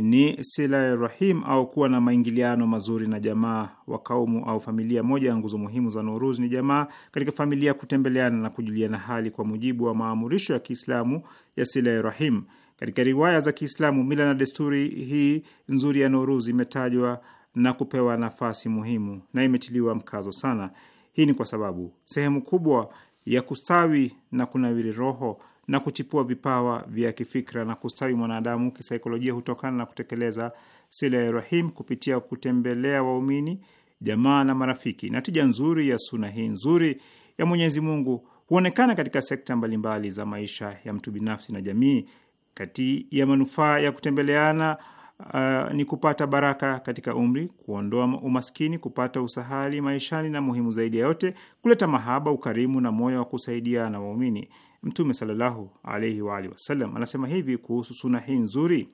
Speaker 4: ni sila ya rahim au kuwa na maingiliano mazuri na jamaa wa kaumu au familia. Moja ya nguzo muhimu za Nuruz ni jamaa katika familia, kutembeleana na kujuliana hali kwa mujibu wa maamurisho ya Kiislamu ya sila ya rahim. Katika riwaya za Kiislamu, mila na desturi hii nzuri ya Nuruz imetajwa na kupewa nafasi muhimu na imetiliwa mkazo sana. Hii ni kwa sababu sehemu kubwa ya kustawi na kunawiri roho na kuchipua vipawa vya kifikra na kustawi mwanadamu kisaikolojia hutokana na kutekeleza sila ya rahim kupitia kutembelea waumini, jamaa na marafiki. Na tija nzuri ya suna hii nzuri ya Mwenyezi Mungu huonekana katika sekta mbalimbali za maisha ya mtu binafsi na jamii. Kati ya manufaa ya kutembeleana uh, ni kupata baraka katika umri, kuondoa umaskini, kupata usahali maishani, na muhimu zaidi ya yote, kuleta mahaba, ukarimu na moyo wa kusaidia na waumini. Mtume sallallahu alaihi wa alihi wasallam anasema hivi kuhusu suna hii nzuri: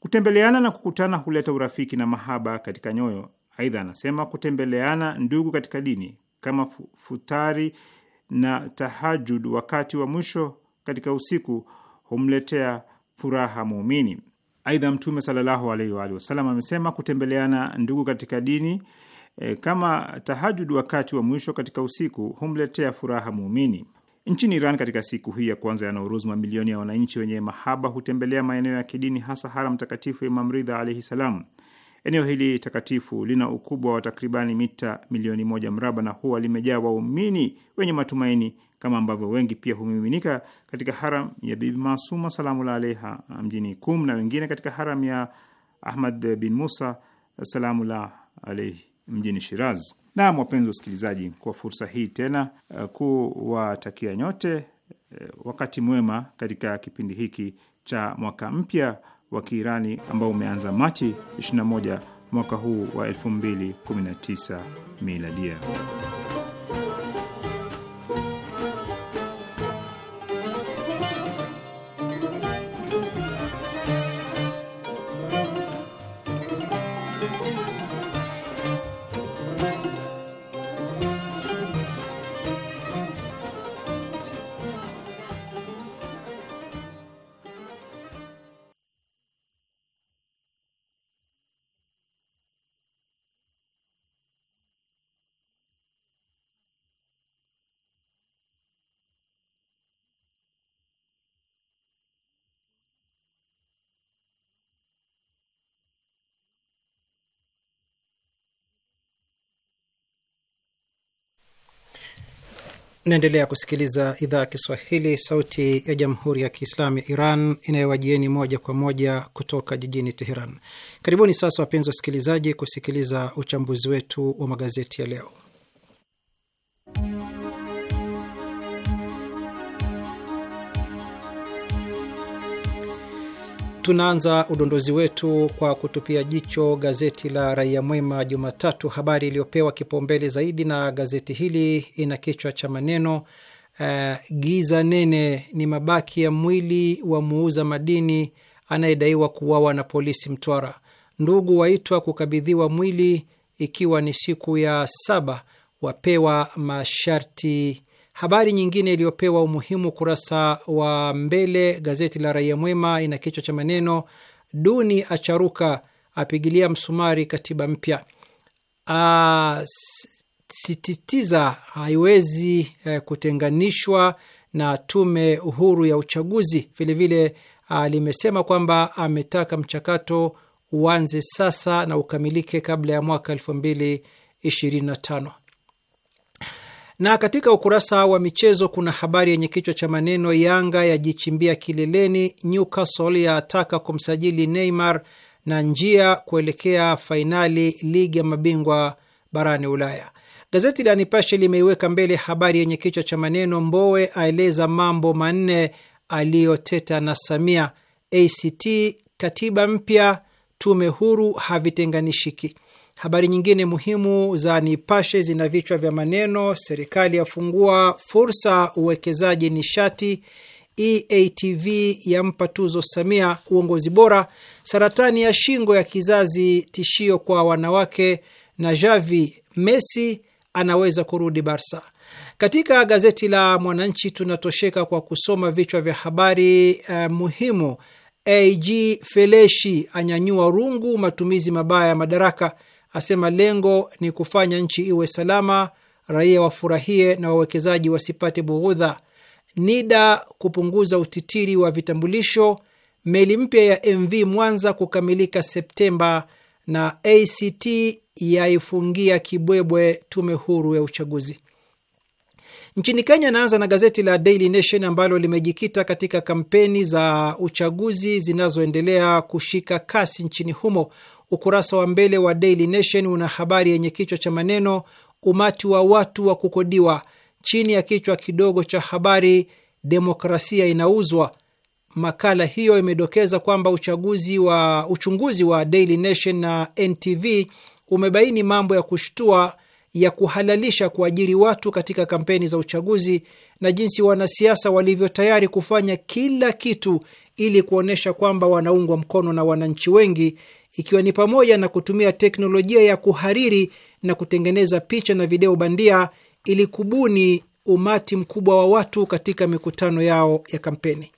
Speaker 4: kutembeleana na kukutana huleta urafiki na mahaba katika nyoyo. Aidha anasema kutembeleana ndugu katika dini kama futari na tahajud wakati wa mwisho katika usiku humletea furaha muumini. Aidha Mtume sallallahu alaihi wa alihi wasallam amesema kutembeleana ndugu katika dini e, kama tahajud wakati wa mwisho katika usiku humletea furaha muumini. Nchini Iran, katika siku hii ya kwanza ya Nauruz, mamilioni ya wananchi wenye mahaba hutembelea maeneo ya kidini, hasa haram takatifu ya Imam Ridha alaihi salam. Eneo hili takatifu lina ukubwa wa takribani mita milioni moja mraba na huwa limejaa waumini wenye matumaini, kama ambavyo wengi pia humiminika katika haram ya Bibi Masuma salamullah alaiha mjini Kum na wengine katika haram ya Ahmad bin Musa salamullah alaihi mjini Shiraz na wapenzi usikilizaji, kwa fursa hii tena eh, kuwatakia nyote eh, wakati mwema katika kipindi hiki cha mwaka mpya wa Kiirani ambao umeanza Machi 21 mwaka huu wa 2019 miladia.
Speaker 2: Naendelea kusikiliza idhaa ya Kiswahili, sauti ya jamhuri ya kiislamu ya Iran inayowajieni moja kwa moja kutoka jijini Teheran. Karibuni sasa, wapenzi wasikilizaji, kusikiliza uchambuzi wetu wa magazeti ya leo. Tunaanza udondozi wetu kwa kutupia jicho gazeti la Raia Mwema Jumatatu. Habari iliyopewa kipaumbele zaidi na gazeti hili ina kichwa cha maneno uh, giza nene ni mabaki ya mwili wa muuza madini anayedaiwa kuuawa na polisi Mtwara. Ndugu waitwa kukabidhiwa mwili ikiwa ni siku ya saba, wapewa masharti Habari nyingine iliyopewa umuhimu kurasa wa mbele gazeti la Raia Mwema ina kichwa cha maneno Duni acharuka apigilia msumari katiba mpya, sisitiza haiwezi e, kutenganishwa na tume uhuru ya uchaguzi. Vilevile limesema kwamba ametaka mchakato uanze sasa na ukamilike kabla ya mwaka elfu mbili ishirini na tano. Na katika ukurasa wa michezo kuna habari yenye kichwa cha maneno Yanga yajichimbia kileleni, Newcastle yataka kumsajili Neymar na njia kuelekea fainali ligi ya mabingwa barani Ulaya. Gazeti la Nipashe limeiweka mbele habari yenye kichwa cha maneno Mbowe aeleza mambo manne aliyoteta na Samia, ACT, katiba mpya, tume huru havitenganishiki. Habari nyingine muhimu za Nipashe zina vichwa vya maneno: serikali yafungua fursa uwekezaji nishati, EATV yampa tuzo Samia uongozi bora, saratani ya shingo ya kizazi tishio kwa wanawake, na Javi Messi anaweza kurudi barsa Katika gazeti la Mwananchi tunatosheka kwa kusoma vichwa vya habari uh, muhimu: AG Feleshi anyanyua rungu matumizi mabaya ya madaraka asema lengo ni kufanya nchi iwe salama, raia wafurahie na wawekezaji wasipate bughudha. NIDA kupunguza utitiri wa vitambulisho. Meli mpya ya MV Mwanza kukamilika Septemba, na ACT yaifungia kibwebwe tume huru ya uchaguzi. Nchini Kenya, naanza na gazeti la Daily Nation ambalo limejikita katika kampeni za uchaguzi zinazoendelea kushika kasi nchini humo, Ukurasa wa mbele wa Daily Nation una habari yenye kichwa cha maneno umati wa watu wa kukodiwa, chini ya kichwa kidogo cha habari demokrasia inauzwa. Makala hiyo imedokeza kwamba uchaguzi wa uchunguzi wa Daily Nation na NTV umebaini mambo ya kushtua ya kuhalalisha kuajiri watu katika kampeni za uchaguzi na jinsi wanasiasa walivyo tayari kufanya kila kitu ili kuonyesha kwamba wanaungwa mkono na wananchi wengi ikiwa ni pamoja na kutumia teknolojia ya kuhariri na kutengeneza picha na video bandia ili kubuni umati mkubwa wa watu katika mikutano yao ya kampeni.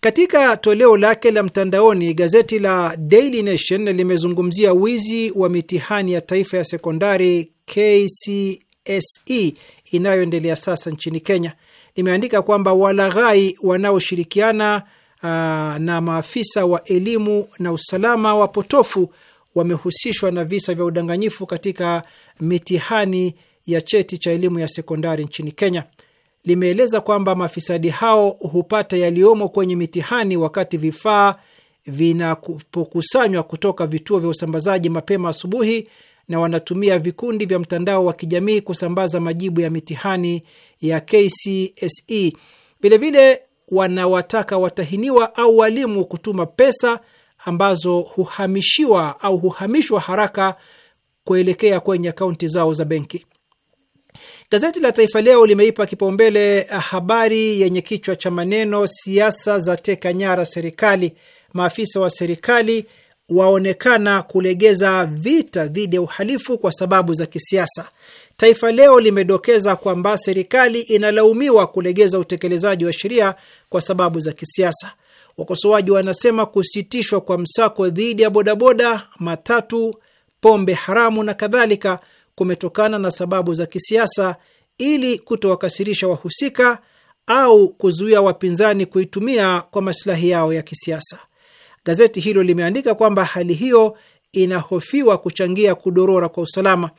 Speaker 2: Katika toleo lake la mtandaoni, gazeti la Daily Nation limezungumzia wizi wa mitihani ya taifa ya sekondari KCSE inayoendelea sasa nchini Kenya. Limeandika kwamba walaghai wanaoshirikiana aa, na maafisa wa elimu na usalama wapotofu wamehusishwa na visa vya udanganyifu katika mitihani ya cheti cha elimu ya sekondari nchini Kenya. Limeeleza kwamba mafisadi hao hupata yaliyomo kwenye mitihani wakati vifaa vinapokusanywa kutoka vituo vya usambazaji mapema asubuhi, na wanatumia vikundi vya mtandao wa kijamii kusambaza majibu ya mitihani ya KCSE. Vilevile wanawataka watahiniwa au walimu kutuma pesa ambazo huhamishiwa au huhamishwa haraka kuelekea kwenye akaunti zao za benki. Gazeti la Taifa Leo limeipa kipaumbele habari yenye kichwa cha maneno siasa za teka nyara serikali, maafisa wa serikali waonekana kulegeza vita dhidi ya uhalifu kwa sababu za kisiasa. Taifa Leo limedokeza kwamba serikali inalaumiwa kulegeza utekelezaji wa sheria kwa sababu za kisiasa. Wakosoaji wanasema kusitishwa kwa msako dhidi ya bodaboda, matatu, pombe haramu na kadhalika kumetokana na sababu za kisiasa ili kutowakasirisha wahusika au kuzuia wapinzani kuitumia kwa masilahi yao ya kisiasa. Gazeti hilo limeandika kwamba hali hiyo inahofiwa kuchangia kudorora kwa usalama.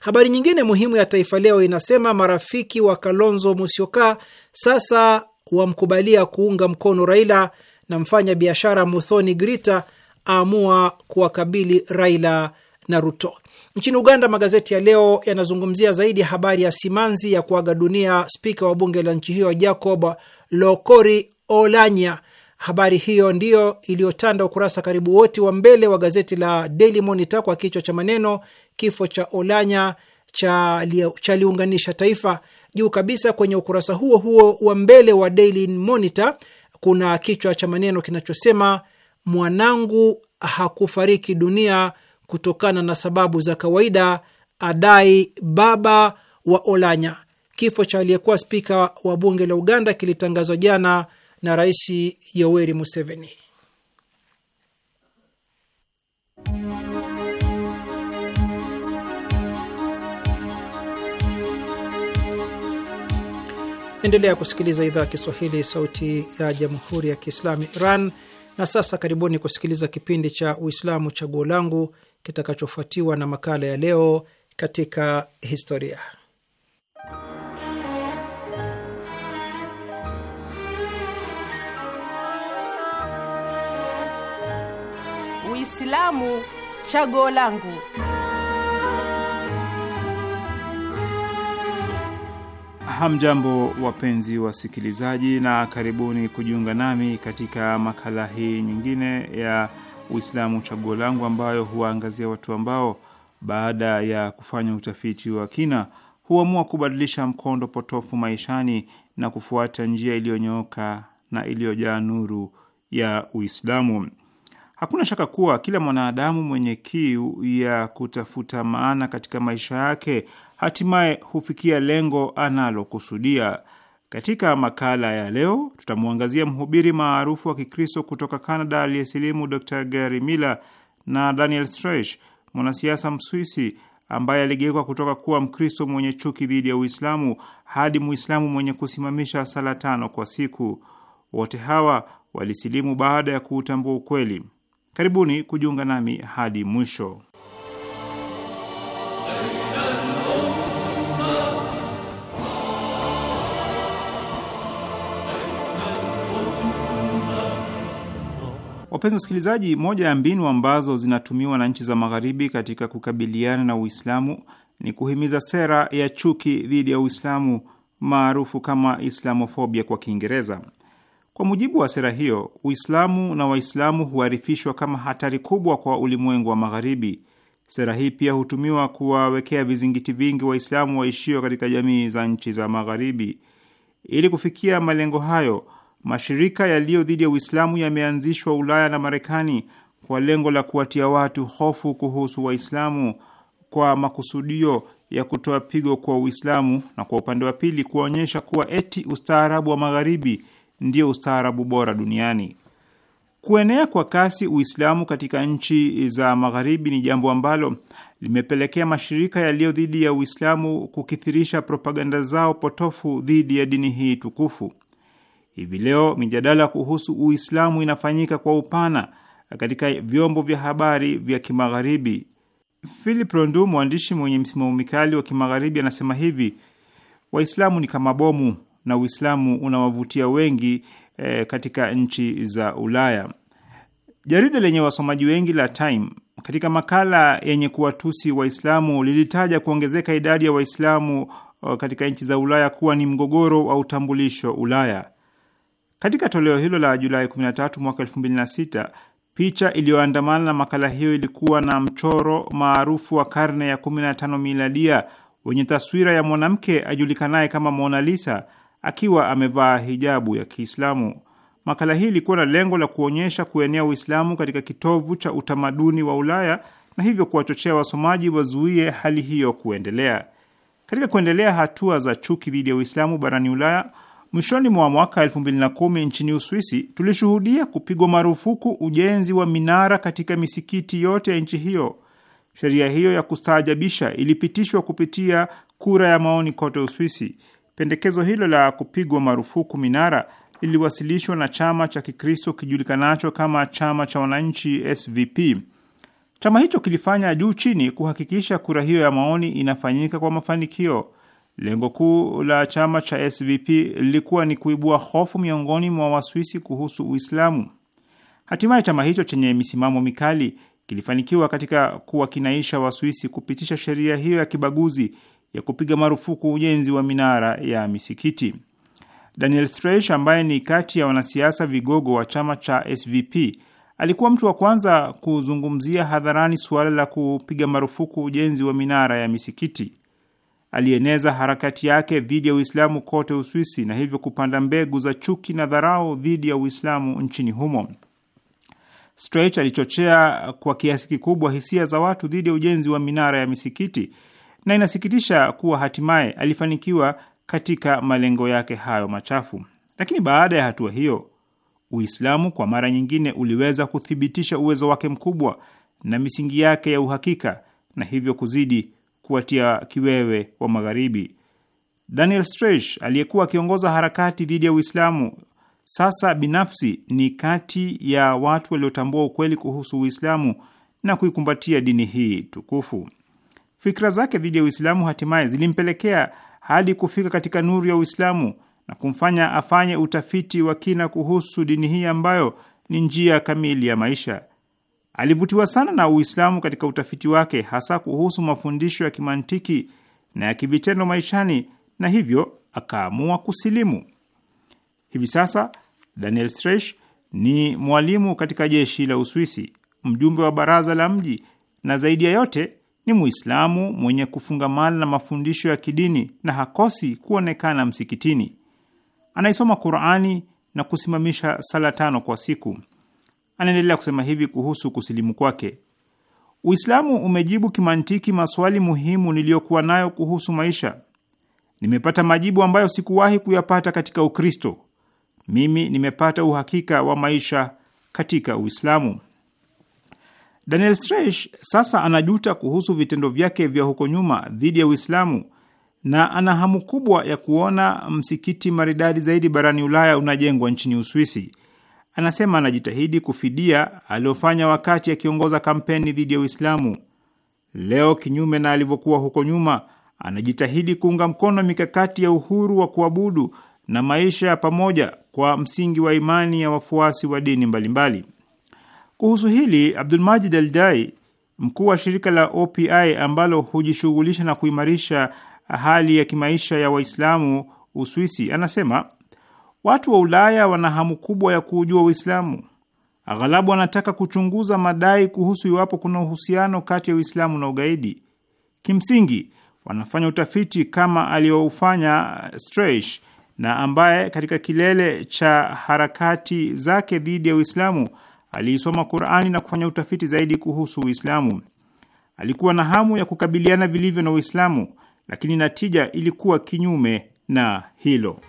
Speaker 2: Habari nyingine muhimu ya Taifa Leo inasema marafiki wa Kalonzo Musyoka sasa wamkubalia kuunga mkono Raila na mfanya biashara Muthoni Grita aamua kuwakabili Raila na Ruto. Nchini Uganda, magazeti ya leo yanazungumzia zaidi habari ya simanzi ya kuaga dunia spika wa bunge la nchi hiyo Jacob Lokori Olanya. Habari hiyo ndiyo iliyotanda ukurasa karibu wote wa mbele wa gazeti la Daily Monitor kwa kichwa cha maneno kifo cha Olanya cha, liunganisha taifa. Juu kabisa kwenye ukurasa huo huo wa mbele wa Daily Monitor kuna kichwa cha maneno kinachosema mwanangu hakufariki dunia kutokana na sababu za kawaida, adai baba wa Olanya. Kifo cha aliyekuwa spika wa bunge la Uganda kilitangazwa jana na Rais Yoweri Museveni. Endelea kusikiliza idhaa ya Kiswahili, sauti ya jamhuri ya kiislamu Iran. Na sasa karibuni kusikiliza kipindi cha Uislamu chaguo langu kitakachofuatiwa na makala ya leo katika historia.
Speaker 3: Uislamu chaguo langu.
Speaker 4: Hamjambo, wapenzi wasikilizaji, na karibuni kujiunga nami katika makala hii nyingine ya Uislamu Chaguo Langu, ambayo huwaangazia watu ambao baada ya kufanya utafiti wa kina huamua kubadilisha mkondo potofu maishani na kufuata njia iliyonyooka na iliyojaa nuru ya Uislamu. Hakuna shaka kuwa kila mwanadamu mwenye kiu ya kutafuta maana katika maisha yake hatimaye hufikia lengo analokusudia. Katika makala ya leo tutamwangazia mhubiri maarufu wa Kikristo kutoka Canada aliyesilimu Dr Gary Miller na Daniel Streich, mwanasiasa Mswisi ambaye aligeuka kutoka kuwa Mkristo mwenye chuki dhidi ya Uislamu hadi Muislamu mwenye kusimamisha sala tano kwa siku. Wote hawa walisilimu baada ya kuutambua ukweli. Karibuni kujiunga nami hadi mwisho. Wapenzi wasikilizaji, moja ya mbinu ambazo zinatumiwa na nchi za Magharibi katika kukabiliana na Uislamu ni kuhimiza sera ya chuki dhidi ya Uislamu maarufu kama Islamofobia kwa Kiingereza. Kwa mujibu wa sera hiyo, Uislamu na Waislamu huarifishwa kama hatari kubwa kwa ulimwengu wa Magharibi. Sera hii pia hutumiwa kuwawekea vizingiti vingi Waislamu waishio katika jamii za nchi za Magharibi. Ili kufikia malengo hayo mashirika yaliyo dhidi ya Uislamu yameanzishwa Ulaya na Marekani kwa lengo la kuwatia watu hofu kuhusu Waislamu kwa makusudio ya kutoa pigo kwa Uislamu na kwa upande wa pili kuonyesha kuwa eti ustaarabu wa Magharibi ndio ustaarabu bora duniani. Kuenea kwa kasi Uislamu katika nchi za Magharibi ni jambo ambalo limepelekea mashirika yaliyo dhidi ya Uislamu kukithirisha propaganda zao potofu dhidi ya dini hii tukufu. Hivi leo mijadala kuhusu Uislamu inafanyika kwa upana katika vyombo vya habari vya Kimagharibi. Philip Rondu, mwandishi mwenye msimamo mikali wa Kimagharibi, anasema hivi: Waislamu ni kama bomu na Uislamu unawavutia wengi e, katika nchi za Ulaya. Jarida lenye wasomaji wengi la Time katika makala yenye kuwatusi Waislamu lilitaja kuongezeka idadi ya Waislamu oh, katika nchi za Ulaya kuwa ni mgogoro wa utambulisho Ulaya. Katika toleo hilo la Julai 13 mwaka 2006, picha iliyoandamana na makala hiyo ilikuwa na mchoro maarufu wa karne ya 15 miladia wenye taswira ya mwanamke ajulikanaye kama Mona Lisa akiwa amevaa hijabu ya Kiislamu. Makala hii ilikuwa na lengo la kuonyesha kuenea Uislamu katika kitovu cha utamaduni wa Ulaya na hivyo kuwachochea wasomaji wazuie hali hiyo kuendelea. Katika kuendelea hatua za chuki dhidi ya Uislamu barani Ulaya, Mwishoni mwa mwaka 2010 nchini Uswisi tulishuhudia kupigwa marufuku ujenzi wa minara katika misikiti yote ya nchi hiyo. Sheria hiyo ya kustaajabisha ilipitishwa kupitia kura ya maoni kote Uswisi. Pendekezo hilo la kupigwa marufuku minara liliwasilishwa na chama cha Kikristo kijulikanacho kama chama cha wananchi SVP. Chama hicho kilifanya juu chini kuhakikisha kura hiyo ya maoni inafanyika kwa mafanikio. Lengo kuu la chama cha SVP lilikuwa ni kuibua hofu miongoni mwa Waswisi kuhusu Uislamu. Hatimaye chama hicho chenye misimamo mikali kilifanikiwa katika kuwakinaisha Waswisi kupitisha sheria hiyo ya kibaguzi ya kupiga marufuku ujenzi wa minara ya misikiti. Daniel Streich ambaye ni kati ya wanasiasa vigogo wa chama cha SVP alikuwa mtu wa kwanza kuzungumzia hadharani suala la kupiga marufuku ujenzi wa minara ya misikiti alieneza harakati yake dhidi ya Uislamu kote Uswisi na hivyo kupanda mbegu za chuki na dharau dhidi ya Uislamu nchini humo. Strache alichochea kwa kiasi kikubwa hisia za watu dhidi ya ujenzi wa minara ya misikiti na inasikitisha kuwa hatimaye alifanikiwa katika malengo yake hayo machafu. Lakini baada ya hatua hiyo, Uislamu kwa mara nyingine uliweza kuthibitisha uwezo wake mkubwa na misingi yake ya uhakika na hivyo kuzidi kuwatia kiwewe wa Magharibi. Daniel Streich aliyekuwa akiongoza harakati dhidi ya Uislamu sasa binafsi ni kati ya watu waliotambua ukweli kuhusu Uislamu na kuikumbatia dini hii tukufu. Fikra zake dhidi ya Uislamu hatimaye zilimpelekea hadi kufika katika nuru ya Uislamu na kumfanya afanye utafiti wa kina kuhusu dini hii ambayo ni njia kamili ya maisha. Alivutiwa sana na Uislamu katika utafiti wake, hasa kuhusu mafundisho ya kimantiki na ya kivitendo maishani, na hivyo akaamua kusilimu. Hivi sasa Daniel Stresh ni mwalimu katika jeshi la Uswisi, mjumbe wa baraza la mji, na zaidi ya yote ni Muislamu mwenye kufungamana na mafundisho ya kidini na hakosi kuonekana msikitini. Anaisoma Qurani na kusimamisha sala tano kwa siku anaendelea kusema hivi kuhusu kusilimu kwake: Uislamu umejibu kimantiki maswali muhimu niliyokuwa nayo kuhusu maisha. Nimepata majibu ambayo sikuwahi kuyapata katika Ukristo. Mimi nimepata uhakika wa maisha katika Uislamu. Daniel Streich sasa anajuta kuhusu vitendo vyake vya huko nyuma dhidi ya Uislamu na ana hamu kubwa ya kuona msikiti maridadi zaidi barani Ulaya unajengwa nchini Uswisi anasema anajitahidi kufidia aliyofanya wakati akiongoza kampeni dhidi ya Uislamu. Leo, kinyume na alivyokuwa huko nyuma, anajitahidi kuunga mkono mikakati ya uhuru wa kuabudu na maisha ya pamoja kwa msingi wa imani ya wafuasi wa dini mbalimbali. Kuhusu hili, Abdulmajid Aldai, mkuu wa shirika la OPI ambalo hujishughulisha na kuimarisha hali ya kimaisha ya Waislamu Uswisi, anasema Watu wa Ulaya wana hamu kubwa ya kuujua Uislamu. Aghalabu wanataka kuchunguza madai kuhusu iwapo kuna uhusiano kati ya Uislamu na ugaidi. Kimsingi wanafanya utafiti kama aliyoufanya eh, Streich na ambaye katika kilele cha harakati zake dhidi ya Uislamu aliisoma Qur'ani na kufanya utafiti zaidi kuhusu Uislamu. Alikuwa na hamu ya kukabiliana vilivyo na Uislamu, lakini natija ilikuwa kinyume na hilo.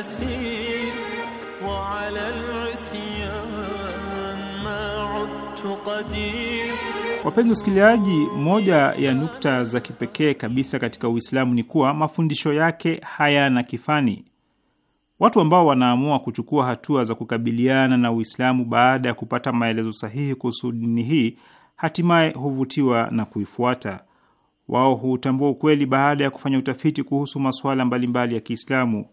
Speaker 1: أسير وعلى العصيان ما عدت قدير
Speaker 4: Wapenzi wasikilizaji, moja ya nukta za kipekee kabisa katika Uislamu ni kuwa mafundisho yake hayana kifani. Watu ambao wanaamua kuchukua hatua za kukabiliana na Uislamu baada ya kupata maelezo sahihi kuhusu dini hii, hatimaye huvutiwa na kuifuata. Wao huutambua ukweli baada ya kufanya utafiti kuhusu masuala mbalimbali ya Kiislamu.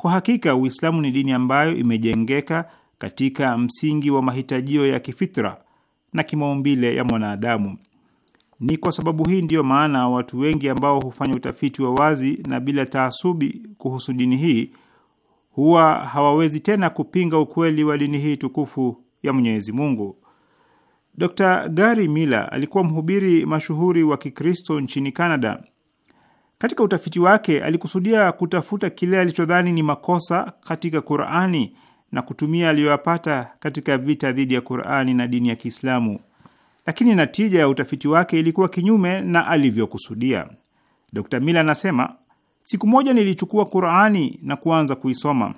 Speaker 4: Kwa hakika Uislamu ni dini ambayo imejengeka katika msingi wa mahitajio ya kifitra na kimaumbile ya mwanadamu. Ni kwa sababu hii ndiyo maana watu wengi ambao hufanya utafiti wa wazi na bila taasubi kuhusu dini hii huwa hawawezi tena kupinga ukweli wa dini hii tukufu ya Mwenyezi Mungu. Dr. Gary Miller alikuwa mhubiri mashuhuri wa Kikristo nchini Canada. Katika utafiti wake alikusudia kutafuta kile alichodhani ni makosa katika Qurani na kutumia aliyoyapata katika vita dhidi ya Qurani na dini ya Kiislamu, lakini natija ya utafiti wake ilikuwa kinyume na alivyokusudia. Dr. Mila anasema, siku moja nilichukua Qurani na kuanza kuisoma.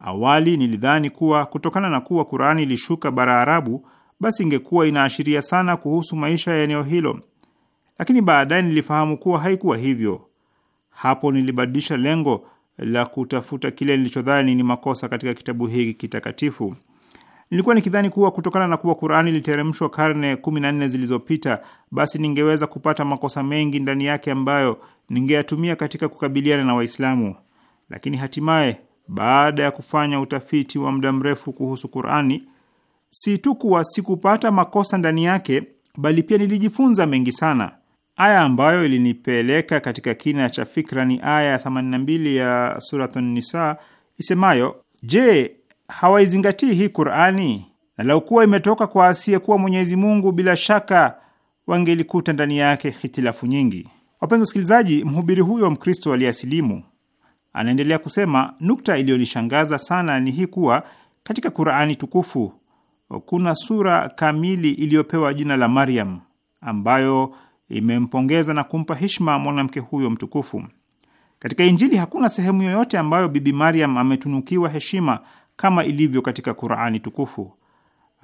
Speaker 4: Awali nilidhani kuwa kutokana na kuwa Qurani ilishuka bara Arabu, basi ingekuwa inaashiria sana kuhusu maisha ya eneo hilo lakini baadaye nilifahamu kuwa haikuwa hivyo. Hapo nilibadilisha lengo la kutafuta kile nilichodhani ni makosa katika kitabu hiki kitakatifu. Nilikuwa nikidhani kuwa kutokana na kuwa Qur'ani iliteremshwa karne kumi na nne zilizopita, basi ningeweza kupata makosa mengi ndani yake ambayo ningeyatumia katika kukabiliana na Waislamu. Lakini hatimaye baada ya kufanya utafiti wa muda mrefu kuhusu Qur'ani, si tu kuwa sikupata makosa ndani yake, bali pia nilijifunza mengi sana. Aya ambayo ilinipeleka katika kina cha fikra ni aya ya 82 ya Suratun Nisa isemayo, je, hawaizingatii hii Qurani? Na lau kuwa imetoka kwa asiyekuwa Mwenyezi Mungu, bila shaka wangelikuta ndani yake hitilafu nyingi. Wapenzi wasikilizaji, mhubiri huyo Mkristo aliyeasilimu anaendelea kusema, nukta iliyonishangaza sana ni hii kuwa katika Qurani tukufu kuna sura kamili iliyopewa jina la Maryam ambayo imempongeza na kumpa heshima mwanamke huyo mtukufu. Katika Injili hakuna sehemu yoyote ambayo Bibi Mariam ametunukiwa heshima kama ilivyo katika Qurani tukufu.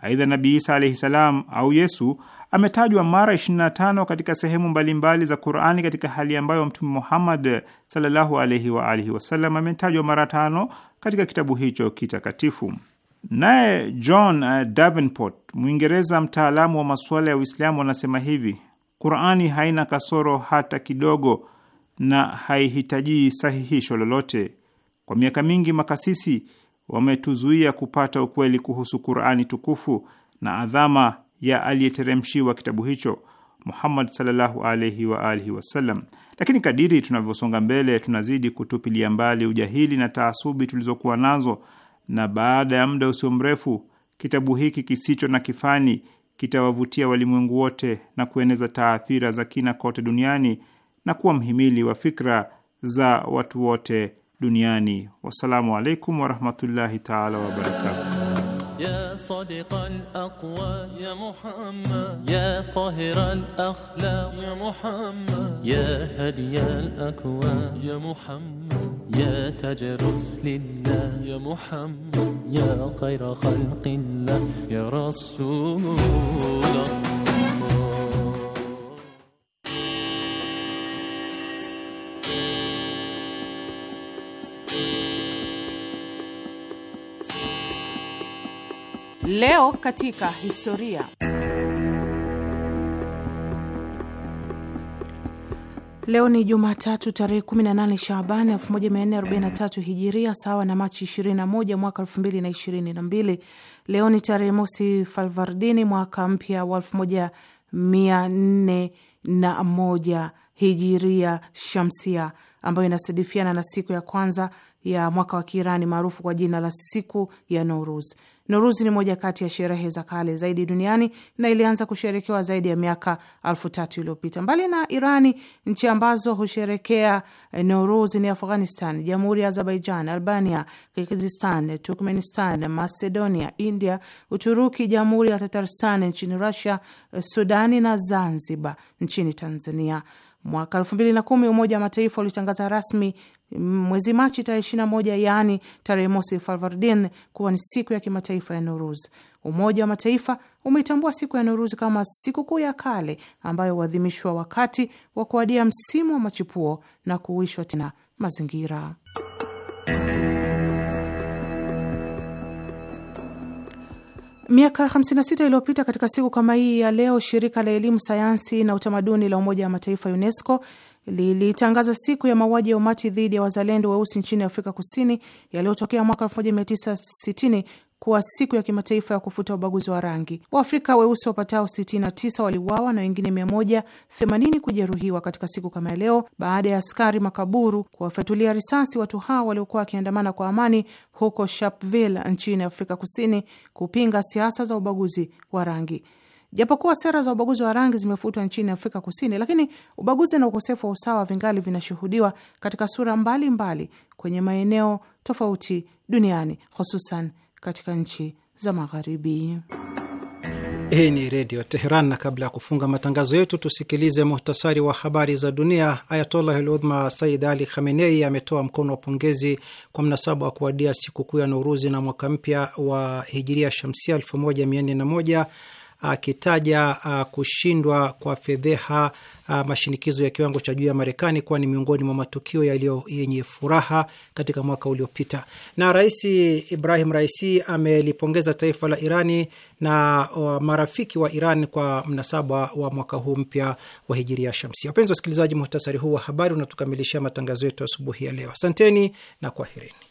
Speaker 4: Aidha, Nabii Isa alaihi salam au Yesu ametajwa mara 25 katika sehemu mbalimbali za Qurani, katika hali ambayo Mtume Muhammad sallallahu alaihi wa alihi wasallam ametajwa mara tano katika kitabu hicho kitakatifu. Naye John eh, Davenport, Mwingereza mtaalamu wa masuala ya Uislamu, anasema hivi: Qurani haina kasoro hata kidogo na haihitaji sahihisho lolote. Kwa miaka mingi makasisi wametuzuia kupata ukweli kuhusu Qurani tukufu na adhama ya aliyeteremshiwa kitabu hicho Muhammad sallallahu alaihi wa alihi wasallam. Lakini kadiri tunavyosonga mbele, tunazidi kutupilia mbali ujahili na taasubi tulizokuwa nazo, na baada ya muda usio mrefu kitabu hiki kisicho na kifani kitawavutia walimwengu wote na kueneza taathira za kina kote duniani na kuwa mhimili wa fikra za watu wote duniani. Wassalamu alaikum warahmatullahi taala wabarakatu.
Speaker 1: Ya يا خير خلق الله يا رسول الله
Speaker 3: Leo katika historia. Leo ni Jumatatu tarehe 18 Shaabani 1443 Hijiria, sawa na Machi 21 mwaka 2022. Leo ni tarehe mosi Falvardini, mwaka mpya wa 1401 Hijiria Shamsia, ambayo inasadifiana na siku ya kwanza ya mwaka wa Kiirani maarufu kwa jina la siku ya Nouruz. Noruzi ni moja kati ya sherehe za kale zaidi duniani na ilianza kusherekewa zaidi ya miaka alfu tatu iliyopita. Mbali na Irani, nchi ambazo husherekea eh, Noruzi ni Afghanistan, Jamhuri ya Azerbaijan, Albania, Kirgizistan, Turkmenistan, Macedonia, India, Uturuki, Jamhuri ya Tatarstan nchini Rusia, eh, Sudani na Zanzibar nchini Tanzania. Mwaka elfu mbili na kumi Umoja wa Mataifa ulitangaza rasmi mwezi Machi tarehe moja yaani tarehe mosi Farvardin, kuwa ni siku ya kimataifa ya Nuruz. Umoja wa Mataifa umeitambua siku ya Nuruzi kama sikukuu ya kale ambayo huadhimishwa wakati wa kuadia msimu wa machipuo na kuuishwa tena mazingira. Miaka 56 iliyopita katika siku kama hii ya leo, shirika la elimu, sayansi na utamaduni la Umoja wa Mataifa, UNESCO, lilitangaza siku ya mauaji ya umati dhidi ya wazalendo weusi nchini Afrika Kusini yaliyotokea mwaka 1960 kuwa siku ya kimataifa ya kufuta ubaguzi wa rangi. Waafrika weusi wapatao 69 waliuawa na wengine 180 kujeruhiwa katika siku kama ya leo, baada ya askari makaburu kuwafyatulia risasi watu hao waliokuwa wakiandamana kwa amani huko Sharpeville nchini Afrika Kusini kupinga siasa za ubaguzi wa rangi. Japokuwa sera za ubaguzi wa rangi zimefutwa nchini Afrika Kusini, lakini ubaguzi na ukosefu wa usawa vingali vinashuhudiwa katika sura mbalimbali mbali kwenye maeneo tofauti duniani, hususan katika nchi za Magharibi.
Speaker 2: Hii ni Redio Teheran, na kabla ya kufunga matangazo yetu tusikilize muhtasari wa habari za dunia. Ayatollah ludhma Said Ali Khamenei ametoa mkono wa pongezi kwa mnasaba wa kuwadia sikukuu ya Nouruzi na mwaka mpya wa hijiria shamsia 1401 akitaja ah, kushindwa kwa fedheha ah, mashinikizo ya kiwango cha juu ya Marekani kuwa ni miongoni mwa matukio yaliyo yenye furaha katika mwaka uliopita. Na Rais Ibrahim Raisi amelipongeza taifa la Irani na marafiki wa Iran kwa mnasaba wa mwaka huu mpya wa hijiria Shamsi. Wapenzi wasikilizaji, muhtasari huu wa habari unatukamilishia matangazo yetu asubuhi ya leo. Asanteni na kwaherini.